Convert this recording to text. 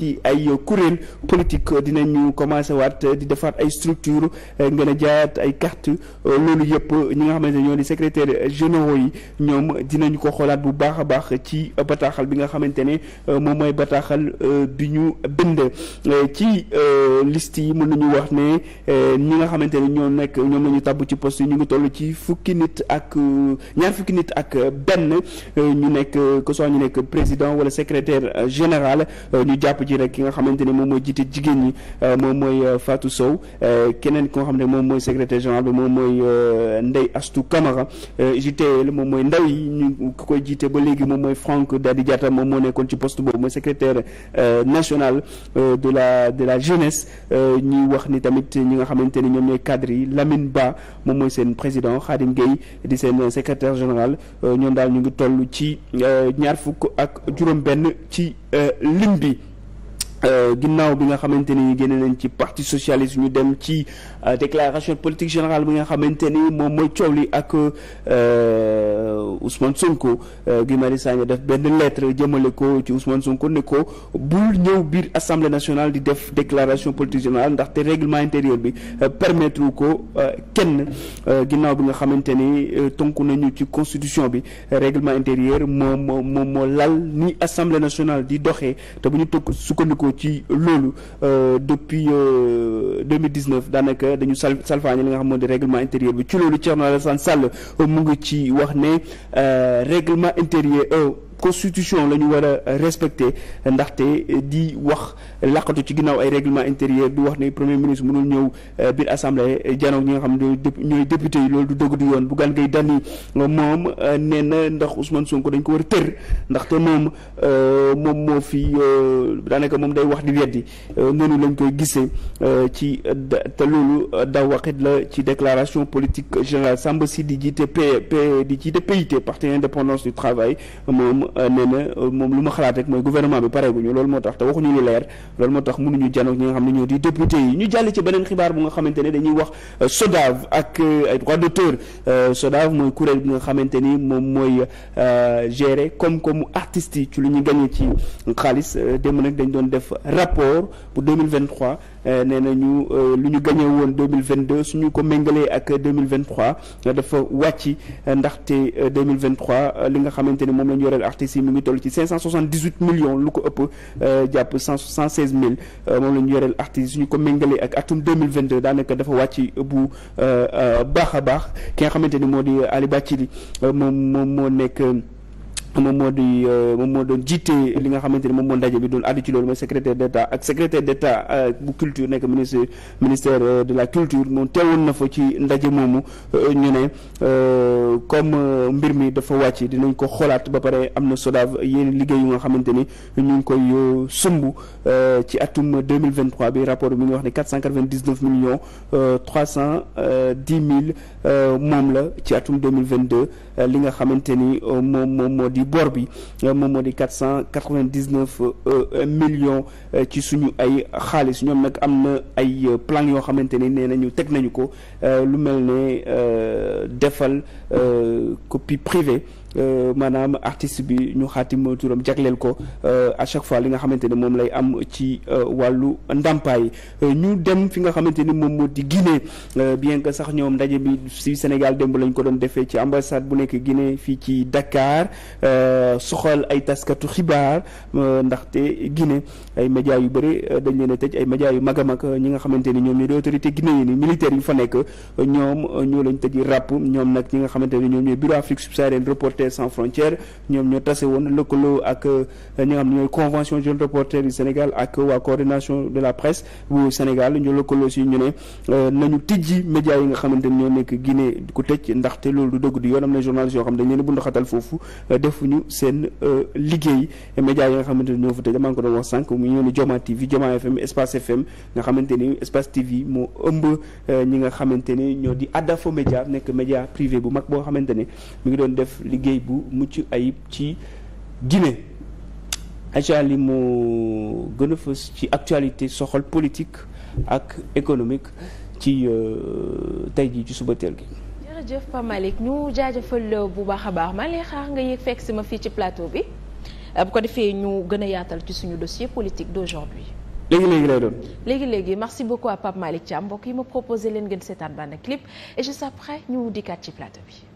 ci ay kuréel politique dinañu commencé waat di defaat ay structure eh, ngeen a ay carte eh, loolu yëpp ñi nga xamante ni ñoo di secrétaire généraux yi ñoom dinañu ko xoolaat bu baax a baax ci bataaxal bi nga xamante ne eh, moom mooy bataaxal bi ñu bind ci liste yi mën nañu wax ne ñi nga xamante ne ñoo nekk ñoom la ñu ci poste yi ñu ngi toll ci fukki nit ak ñaar nit ak benn ñu nekk que ñu nekk président wala secrétaire général ñu jàpp ji rek ki nga xamante ne moom mooy jiite jigéen ñi euh, moom mooy euh, Fatou Sow euh, keneen ki nga xam ne moom mooy secrétaire général bi moom mooy Ndeye Astou Camara JTL moom mooy ndaw yi ñu koy jiite ba léegi moom mooy Franck Dadi Diatta moom moo nekkoon ci poste boobu mooy secrétaire national de la de la jeunesse ñuy wax ni tamit ñi nga xamante ni ñoom ñooy cadre yi Lamine Ba moom mooy seen président Khadim Gueye di seen secrétaire général ñoom daal ñu ngi toll ci ñaar fukk ak juróom benn ci lim bi Euh, ginnaaw bi nga xamante ni génne nañ ci parti socialiste ñu dem ci euh, déclaration politique générale bi nga xamante ni moom mooy coow li ak euh, Ousmane Sonko Guy Marius Sagna def benn lettre jëmmale ko ci Ousmane Sonko ne ko bul ñëw biir assemblée nationale di def déclaration politique générale ndaxte règlement intérieur bi wu ko kenn ginnaaw bi nga xamante ni tonku nañu ci constitution bi règlement intérieur moom moo moom moo lal ni assemblée nationale di doxee te ci loolu euh, depuis 2019 euh, daanaka dañu sal salfaañi li nga xam moom di règlement intérieur bi ci loolu Thierno Alassane Sall mu ngi ci wax ne euh, réglement intérieur constitution la ñu war a respecté ndaxte di wax laqatu ci ginnaaw ay règlement intérieur di wax ni premier ministre mënul ñëw euh, biir assemblée janoog ñi nga xam ne ñooy député yi loolu du dëgg du yoon Bougane Gueye Dany moom euh, nee na ndax Ousmane Sonko dañ ko war a tër ndaxte moom euh, moom moo fi daanaka moom day wax di weddi noonu lañ koy gisee ci te loolu daw waxit la ci déclaration politique générale Samba si di jiite P di jiite PIT parti indépendance moom euh, euh, moom lu ma xalaat rek mooy gouvernement bi pareeguñu loolu moo tax te waxuñu lu leer loolu moo tax mënuñu janoog ñi nga xam ne ñoo di député yi ñu jàll ci beneen xibaar bu nga xamante euh, ak ay droits d'auteur mooy kuréel bi nga xamante ni moom mooy gérer koom-koomu artistes yi ci lu ñuy gagné ci xaalis démb nag dañ doon def rapport pour 2023 Euh, nee nañu euh, lu ñu gagné woon deux mille vingt deux su ñu ko méngalee ak deux mille vingt trois euh, dafa wàcc ndaxte deux mille vingt li nga xamante ni moom lañu yore yoreel artistes yi mu ngi toll ci cinq cent soixante dix huit lu ko ëpp jàpp cent cent seize mille moom la ñu yoreel su ñu ko méngalee ak atum deux mille vingt deux daanaka dafa wàcc bu baax a baax ki nga xamante ni moo di Ali Bathily moom moom moo nekk. moom moo di euh, moom moo doon jiite li nga xamante ni moom moo ndaje bi doon addu ci loolu mooy secrétaire d'état ak secrétaire d'état euh, bu culture nekk ministre ministère euh, de la culture moom teewoon na fa ci dinañ ko xoolaat ba pare am na SODAV yéen liggéey yu nga xamante ni ñu ngi koy sumb ci atum 2023 bi rapport bi mi ngi wax ne 499 millions 310 mille moom la ci atum 2022 li nga xamante ni moom moom moo di bi bor bi euh, moom moo di quatre cent quatre vingt dix euh, euh, ci suñu ay xaalis ñoom nag am na ay plan yoo xamante ni nee nañu teg nañu ko lu mel ne defal copie privée Euh, maanaam artiste bi ñu xaatim turam jagleel ko euh, à chaque fois li nga xamante ne moom lay am ci euh, wàllu ndàmpaay ñu dem fi nga xamante ni moom moo di Guinée bien que sax ñoom ndaje bi si Sénégal démb lañ ko doon defee ci ambassade bu nekk Guinée fii ci Dakar soxal ay taskatu xibaar ndaxte Guinée ay médias yu bëri dañ leen a tëj ay médias yu mag a mag ñi nga xamante ni ñoom ñoo di autorité guinéenne yi militaires yu fa nekk ñoom ñoo lañ tëj ràpp ñoom nag ñi nga xamante ne ñoom ñooy bureau Afrique reporters sans frontières ñoom ñoo tase woon lëkkaloo ak euh, ñi nga xam ne ñooy convention jeune reporter du Sénégal ak waa coordination de la presse bu Sénégal ñu lëkkaloo si ñu ne euh, nañu tijji médias yi nga xamante ñoo nekk Guinée ku tëj ndaxte loolu du dëgg du yoon am na journaliste yoo xam dañ leen bundu xatal foofu euh, defuñu ni ñoo fa tëj maa ngi ko doon wax sànq mu ni Joma TV Joma FM Espace FM nga xamante Espace TV moo ëmb ñi nga xamante ñoo di Adafo Média nekk média privé bu mag boo xamante ne ngi doon def liggéey liggéey bu mucc ayib ci Guinée Aja li mu gën a fës ci actualité soxal politique ak économique ci euh, tey jii ci suba teel gi. jërëjëf Pa Malick ñu jaajëfal bu baax a baax maa ngi xaar nga yéeg fekk si ma fii ci plateau bi euh, bu ko defee ñu gën a yaatal ci suñu dossier politique d'aujourd'hui léegi léegi lay doon. léegi léegi merci beaucoup à Pape Malick Thiam mbokk yi ma proposé leen gën seetaan benn clip et juste après ñu dikkaat ci plateau bi.